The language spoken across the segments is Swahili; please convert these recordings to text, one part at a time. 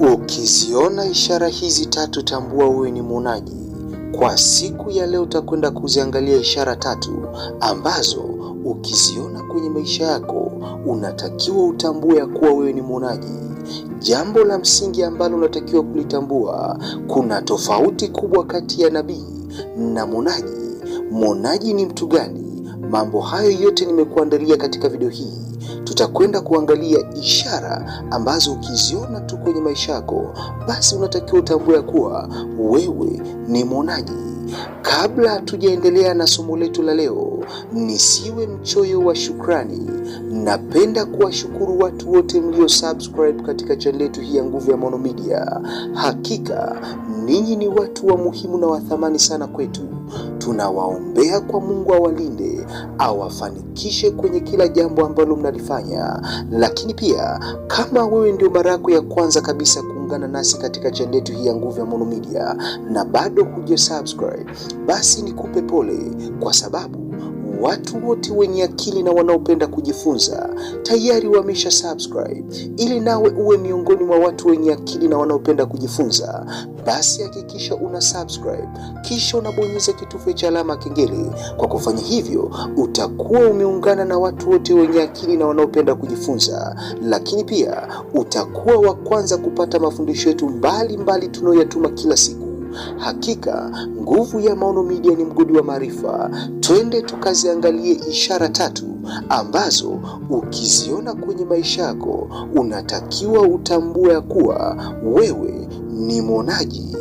Ukiziona ishara hizi tatu, tambua wewe ni mwonaji. Kwa siku ya leo utakwenda kuziangalia ishara tatu ambazo ukiziona kwenye maisha yako unatakiwa utambue ya kuwa wewe ni mwonaji. Jambo la msingi ambalo unatakiwa kulitambua, kuna tofauti kubwa kati ya nabii na mwonaji. Mwonaji ni mtu gani? Mambo hayo yote nimekuandalia katika video hii utakwenda kuangalia ishara ambazo ukiziona tu kwenye maisha yako, basi unatakiwa utambue ya kuwa wewe ni mwonaji. Kabla tujaendelea na somo letu la leo, nisiwe mchoyo wa shukrani. Napenda kuwashukuru watu wote mlio subscribe katika channel yetu hii ya Nguvu ya Maono Media. Hakika ninyi ni watu wa muhimu na wa thamani sana kwetu tunawaombea kwa Mungu awalinde, awafanikishe kwenye kila jambo ambalo mnalifanya. Lakini pia kama wewe ndio mara yako ya kwanza kabisa kuungana nasi katika channel yetu hii ya Nguvu ya Maono Media na bado hujasubscribe, basi nikupe pole kwa sababu Watu wote wenye akili na wanaopenda kujifunza tayari wamesha subscribe. Ili nawe uwe miongoni mwa watu wenye akili na wanaopenda kujifunza, basi hakikisha una subscribe, kisha unabonyeza kitufe cha alama kengele. Kwa kufanya hivyo, utakuwa umeungana na watu wote wenye akili na wanaopenda kujifunza, lakini pia utakuwa wa kwanza kupata mafundisho yetu mbalimbali tunayoyatuma kila siku. Hakika nguvu ya Maono Media ni mgodi wa maarifa. Twende tukaziangalie ishara tatu ambazo ukiziona kwenye maisha yako unatakiwa utambue ya kuwa wewe ni mwonaji.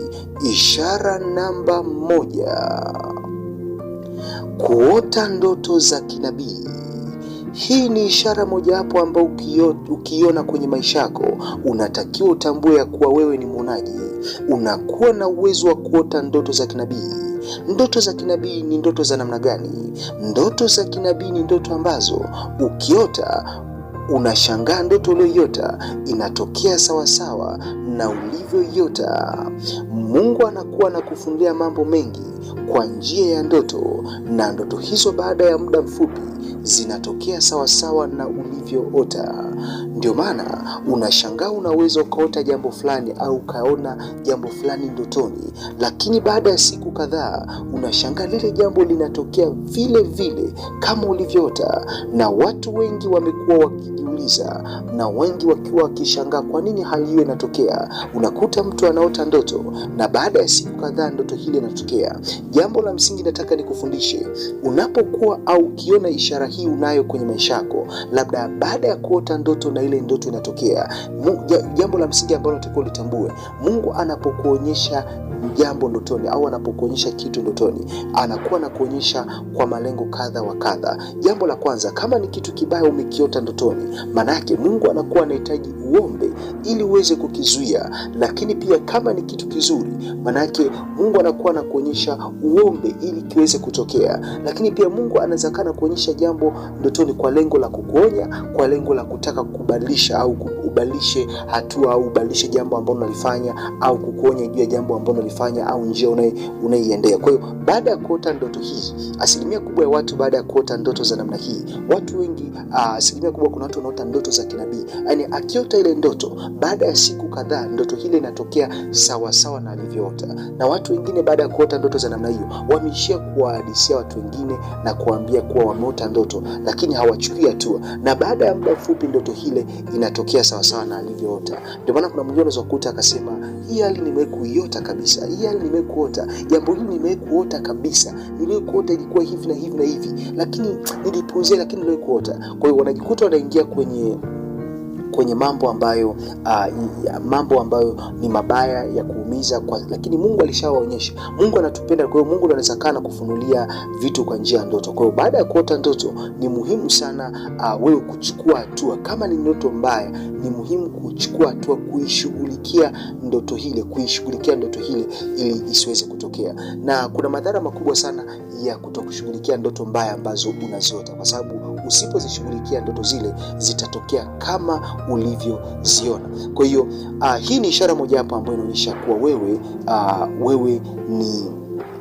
Ishara namba moja: kuota ndoto za kinabii. Hii ni ishara mojawapo ambayo ukiiona kwenye maisha yako, unatakiwa utambue ya kuwa wewe ni mwonaji. Unakuwa na uwezo wa kuota ndoto za kinabii. Ndoto za kinabii ni ndoto za namna gani? Ndoto za kinabii ni ndoto ambazo ukiota unashangaa ndoto uliyoiota inatokea sawasawa na ulivyoiota. Mungu anakuwa na kufundia mambo mengi kwa njia ya ndoto, na ndoto hizo baada ya muda mfupi zinatokea sawasawa na ulivyoota. Ndio maana unashangaa, unaweza ukaota jambo fulani au ukaona jambo fulani ndotoni, lakini baada ya siku kadhaa unashangaa lile jambo linatokea vile vile kama ulivyoota. Na watu wengi wamekuwa wakijiuliza na wengi wakiwa wakishangaa kwa nini hali hiyo inatokea. Unakuta mtu anaota ndoto na baada ya siku kadhaa ndoto hili inatokea. Jambo la msingi nataka nikufundishe, unapokuwa au ukiona ishara hii unayo kwenye maisha yako, labda baada ya kuota ndoto na ile ndoto inatokea, jambo la msingi ambalo unatakiwa litambue, Mungu anapokuonyesha jambo ndotoni au anapokuonyesha kitu ndotoni, anakuwa na kuonyesha kwa malengo kadha wa kadha. Jambo la kwanza, kama ni kitu kibaya umekiota ndotoni, maana yake Mungu anakuwa anahitaji uombe ili uweze kukizuia. Lakini pia kama ni kitu kizuri, maana yake Mungu anakuwa anakuonyesha uombe ili kiweze kutokea. Lakini pia Mungu anaweza kana kuonyesha jambo ndotoni kwa lengo la kukuonya, kwa lengo la kutaka kubadilisha au ubadilishe hatua au ubadilishe jambo ambalo unalifanya au kukuonya juu ya jambo ambalo unalifanya au njia unaiendea. Kwa hiyo baada ya kuota ndoto hii, asilimia kubwa ya watu baada ya kuota ndoto za namna hii, watu wengi uh, asilimia kubwa kuna watu wanaota ndoto za kinabii, yaani akiota ile ndoto, baada ya siku kadhaa ndoto hile inatokea sawa sawa na alivyoota. Na watu wengine baada ya kuota ndoto za namna hiyo wameishia kuwahadisia watu wengine na kuambia kuwa wameota ndoto, lakini hawachukui hatua, na baada ya muda mfupi ndoto hile inatokea sawa sana alivyoota. Ndio maana kuna mwingine unaweza kukuta akasema hii hali nimewahi kuiota kabisa, hii hali nimewahi kuota jambo hili, nimewahi kuota kabisa, niliwahi kuota ilikuwa hivi na hivi na hivi, lakini nilipuuzia, lakini niliwahi kuota. Kwa hiyo wanajikuta wanaingia kwenye kwenye mambo ambayo uh, mambo ambayo ni mabaya ya kuumiza kwa, lakini Mungu alishawaonyesha. Mungu anatupenda, kwa hiyo Mungu anaweza kaa na kufunulia vitu kwa njia ya ndoto. Kwa hiyo baada ya kuota ndoto ni muhimu sana uh, wewe kuchukua hatua. Kama ni ndoto mbaya, ni muhimu kuchukua hatua kuishughulikia ndoto hile, kuishughulikia ndoto hile ili isiweze kutokea, na kuna madhara makubwa sana ya kutokushughulikia ndoto mbaya ambazo unaziota kwa sababu usipozishughulikia ndoto zile zitatokea kama ulivyoziona. Kwa hiyo uh, hii ni ishara moja hapo ambayo inaonyesha kuwa wewe uh, wewe ni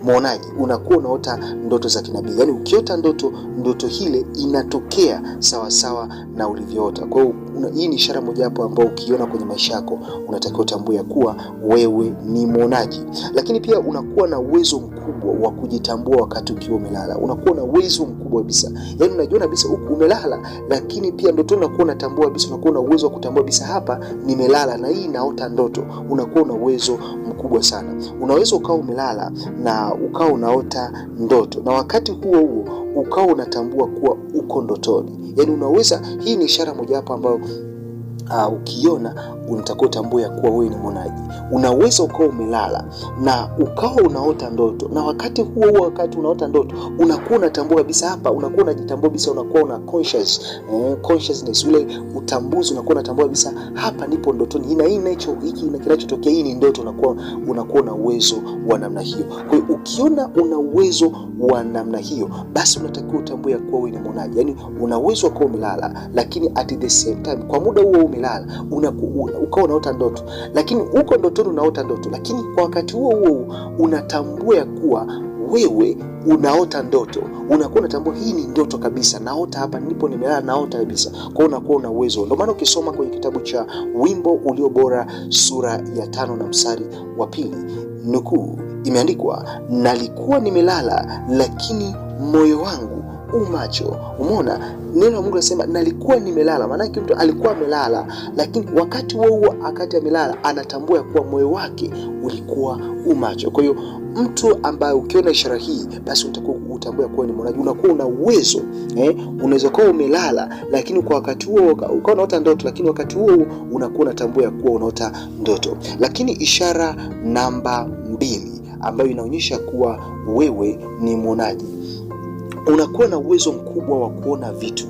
mwonaji unakuwa unaota ndoto za kinabii, yaani ukiota ndoto, ndoto hile inatokea sawasawa sawa na ulivyoota. Kwa hiyo hii ni ishara mojawapo ambayo ukiona kwenye maisha yako unatakiwa utambue ya kuwa wewe ni mwonaji. Lakini pia unakuwa na uwezo mkubwa wa kujitambua wakati ukiwa umelala, unakuwa na uwezo mkubwa kubwa kabisa. Yaani unajua kabisa huku umelala, lakini pia ndotoni unakuwa unatambua kabisa, unakuwa una uwezo wa kutambua kabisa hapa nimelala na hii naota ndoto. Unakuwa una uwezo mkubwa sana. Unaweza ukawa umelala na ukawa unaota ndoto na wakati huo huo ukawa unatambua kuwa uko ndotoni. Yaani unaweza, hii ni ishara mojawapo ambayo uh, ah, ukiona unatakuwa utambua ya kuwa wewe ni mwonaji unaweza ukawa umelala na ukawa unaota ndoto, na wakati huo huo, wakati unaota ndoto unakuwa unatambua kabisa hapa, unakuwa unajitambua kabisa, unakuwa una conscious, eh, consciousness, ule utambuzi, unakuwa unatambua kabisa hapa nipo ndotoni, na hii nacho hiki na kinachotokea hii ni ndoto, unakuwa unakuwa na uwezo wa namna hiyo. Kwa hiyo ukiona una uwezo wa namna hiyo, basi unatakiwa utambue ya kuwa wewe ni mwonaji, yani una uwezo wa kuwa umelala, lakini at the same time kwa muda huo umelala unakuwa unaota ndoto, lakini huko ndotoni unaota ndoto, lakini kwa wakati huo huo unatambua ya kuwa wewe unaota ndoto, unakuwa unatambua hii ni ndoto kabisa, naota hapa nipo nimelala, naota kabisa. Kwa hiyo unakuwa una uwezo. Ndio maana ukisoma kwenye kitabu cha Wimbo Ulio Bora sura ya tano na mstari wa pili, nukuu imeandikwa, nalikuwa nimelala, lakini moyo wangu huu macho. Umeona neno la Mungu linasema nalikuwa nimelala, maanake mtu alikuwa amelala, lakini wakati huo huo akati amelala anatambua kuwa moyo wake ulikuwa umacho macho. Kwa hiyo mtu ambaye ukiona ishara hii basi utakuwa utambua kuwa ni mwonaji, unakuwa una uwezo eh. Unaweza kuwa umelala, lakini kwa wakati huo ukawa unaota ndoto, lakini wakati huo unakuwa unatambua kuwa unaota ndoto. Lakini ishara namba mbili ambayo inaonyesha kuwa wewe ni mwonaji unakuwa na uwezo mkubwa wa kuona vitu.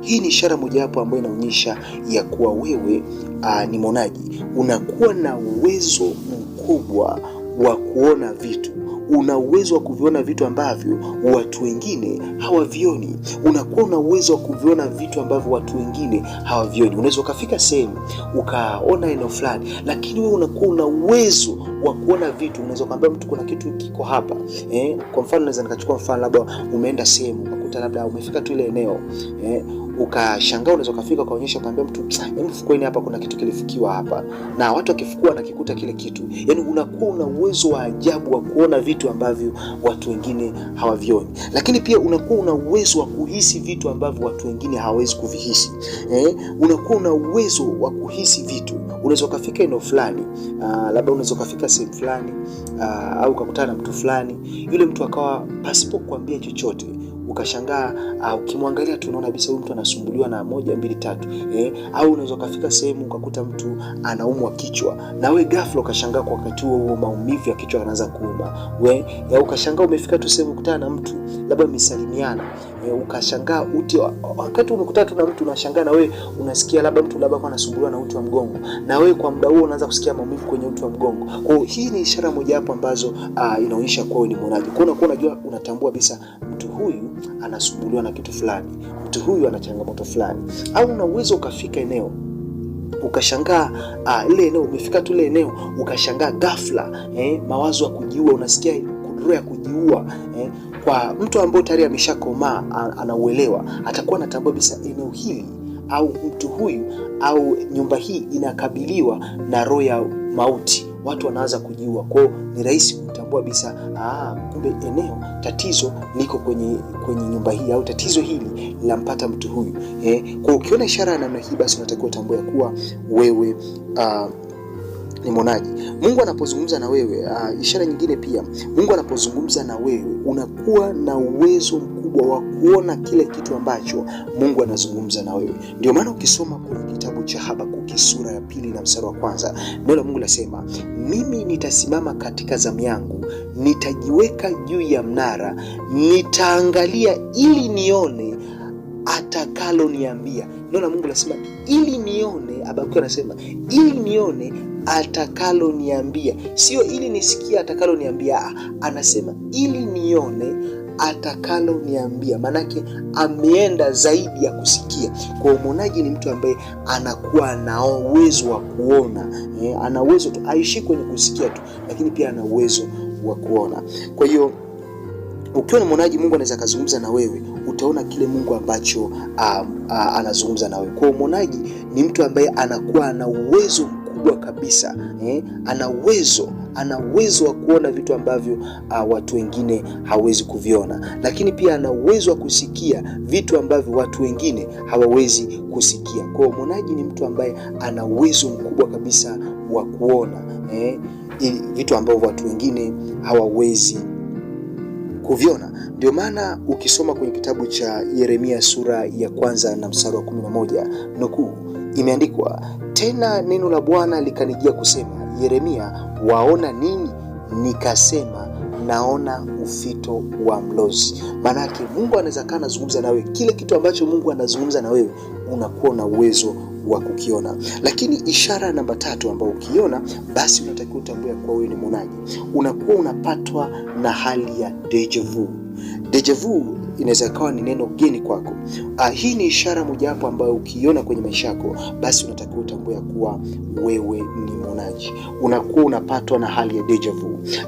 Hii ni ishara mojawapo ambayo inaonyesha ya kuwa wewe aa, ah, ni mwonaji. Unakuwa na uwezo mkubwa wa kuona vitu una uwezo wa kuviona vitu ambavyo watu wengine hawavioni. Unakuwa una uwezo wa kuviona vitu ambavyo watu wengine hawavioni. Unaweza ukafika sehemu ukaona eneo fulani, lakini wewe unakuwa una uwezo wa kuona vitu. Unaweza ukaambia mtu kuna kitu kiko hapa eh. Kwa mfano, naweza nikachukua mfano, labda umeenda sehemu ukakuta labda umefika tu ile eneo eh ukashangaa, unaweza ukafika ukaonyesha, ukaambia mtu hebu fukueni hapa, kuna kitu kilifukiwa hapa, na watu wakifukua nakikuta kile kitu. Yani unakuwa una uwezo wa ajabu wa kuona vitu ambavyo watu wengine hawavioni, lakini pia unakuwa una uwezo wa kuhisi vitu ambavyo watu wengine hawawezi kuvihisi. Eh, unakuwa una uwezo wa kuhisi vitu. Unaweza ukafika eneo fulani, ah, labda unaweza ukafika sehemu fulani ah, au ukakutana na mtu fulani, yule mtu akawa pasipo kuambia chochote ukashangaa uh, ukimwangalia tu unaona kabisa huyu mtu anasumbuliwa na moja mbili tatu eh? Au unaweza ukafika sehemu ukakuta mtu anaumwa kichwa na we ghafla ukashangaa kwa wakati huo huo maumivu ya kichwa yanaanza kuuma we, ya ukashangaa umefika tu sehemu kutana na mtu labda misalimiana e, ukashangaa uti wakati umekutana na mtu unashangaa, na wewe unasikia labda mtu labda kwa anasumbuliwa na uti wa mgongo, na wewe kwa muda huo unaanza kusikia maumivu kwenye uti wa mgongo. Kwa hiyo hii ni ishara hapo ambazo ah, inaonyesha kwa ni mwonaji. Kwa unakuwa unajua, unatambua kabisa mtu huyu anasumbuliwa na kitu fulani, mtu huyu ana changamoto fulani, au uwezo ukafika eneo ukashangaa ah, ile eneo umefika tu ile eneo ukashangaa ghafla, eh, mawazo ya kujiua unasikia roho ya kujiua eh, kwa mtu ambaye tayari ameshakomaa anauelewa, atakuwa anatambua bisa eneo hili au mtu huyu au nyumba hii inakabiliwa na roho ya mauti, watu wanaanza kujiua. Kwao ni rahisi kutambua bisa, ah, kumbe eneo tatizo liko kwenye kwenye nyumba hii au tatizo hili linampata mtu huyu eh. Kwa ukiona ishara ya namna hii, basi unatakiwa utambue kuwa wewe uh, ni mwonaji. Mungu anapozungumza na wewe uh, ishara nyingine pia, Mungu anapozungumza na wewe unakuwa na uwezo mkubwa wa kuona kile kitu ambacho Mungu anazungumza na wewe. Ndio maana ukisoma kwenye kitabu cha Habakuki sura ya pili na mstari wa kwanza, neno la Mungu lasema, mimi nitasimama katika zamu yangu, nitajiweka juu ya mnara, nitaangalia ili nione atakaloniambia. Neno la Mungu lasema ili nione, Habakuki anasema ili nione atakaloniambia, sio ili nisikie atakaloniambia, anasema ili nione atakaloniambia. Maanake ameenda zaidi ya kusikia. Kwa mwonaji ni mtu ambaye anakuwa na uwezo wa kuona eh, ana uwezo tu, aishi kwenye kusikia tu, lakini pia ana uwezo wa kuona. Kwa hiyo ukiwa ni mwonaji, Mungu anaweza akazungumza na wewe, utaona kile Mungu ambacho um, uh, anazungumza na wewe. Kwa mwonaji ni mtu ambaye anakuwa na uwezo mkubwa kabisa eh, ana uwezo ana uwezo wa kuona vitu ambavyo uh, watu wengine hawezi kuviona, lakini pia ana uwezo wa kusikia vitu ambavyo watu wengine hawawezi kusikia. Kwa hiyo mwonaji ni mtu ambaye ana uwezo mkubwa kabisa wa kuona eh, vitu ambavyo watu wengine hawawezi kuviona. Ndio maana ukisoma kwenye kitabu cha Yeremia sura ya kwanza na mstari wa 11 nukuu, imeandikwa tena, neno la Bwana likanijia kusema, Yeremia, waona nini? Nikasema, naona ufito wa mlozi. Maanake Mungu anaweza kaa anazungumza na wewe, kile kitu ambacho Mungu anazungumza na wewe unakuwa na uwezo wa kukiona. Lakini ishara namba tatu ambayo ukiona basi unatakiwa utambue kuwa wewe ni mwonaji, unakuwa unapatwa na hali ya deja vu vu inaweza ikawa ni neno geni kwako. Ah, hii ni ishara mojawapo ambayo ukiiona kwenye maisha yako, basi unatakiwa utambue ya kuwa wewe ni mwonaji, unakuwa unapatwa na hali ya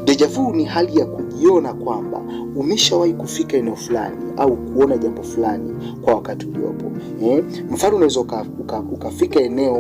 Deja vu ni hali ya kujiona kwamba umeshawahi kufika eneo fulani au kuona jambo fulani kwa wakati uliopo. Eh, mfano unaweza uka, uka, ukafika eneo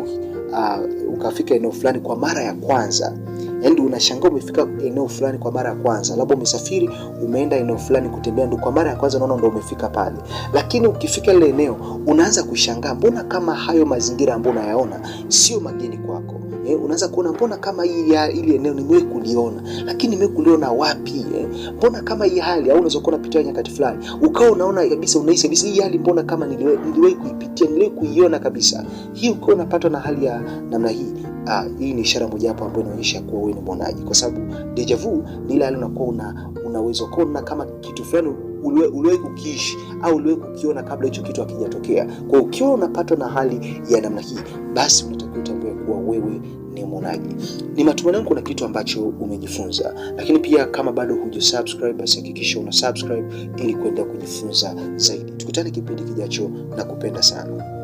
uh, ukafika eneo fulani kwa mara ya kwanza Yaani unashangaa umefika eneo fulani kwa mara ya kwanza, labda umesafiri umeenda eneo fulani kutembea, ndio kwa mara ya kwanza unaona ndio umefika pale. Lakini ukifika lile eneo unaanza kushangaa, mbona kama hayo mazingira ambayo unayaona sio mageni kwako eh, unaweza kuona mbona kama hii ili eneo nimewahi kuliona, lakini nimewahi kuliona wapi eh? Mbona eh? kama hii hali, au unaweza kuona pitia nyakati fulani ukao unaona kabisa, unahisi kabisa hii hali, mbona kama niliwahi kuipitia, niliwahi kuiona kabisa hii. ukao unapatwa na hali ya namna hii ah, hii ni ishara moja hapo ambayo inaonyesha kuwa wewe ni mwonaji, kwa sababu deja vu ni ile hali unakuwa una unaweza kuona kama kitu fulani uliwahi kukiishi au uliwahi kukiona kabla hicho kitu hakijatokea. Kwa hiyo ukiwa unapatwa na hali ya namna hii, basi unatakiwa utambue kuwa wewe ni Monarch. Ni matumaini kuna kitu ambacho umejifunza, lakini pia kama bado hujasubscribe, basi hakikisha una subscribe ili kuenda kujifunza zaidi. Tukutane kipindi kijacho na kupenda sana.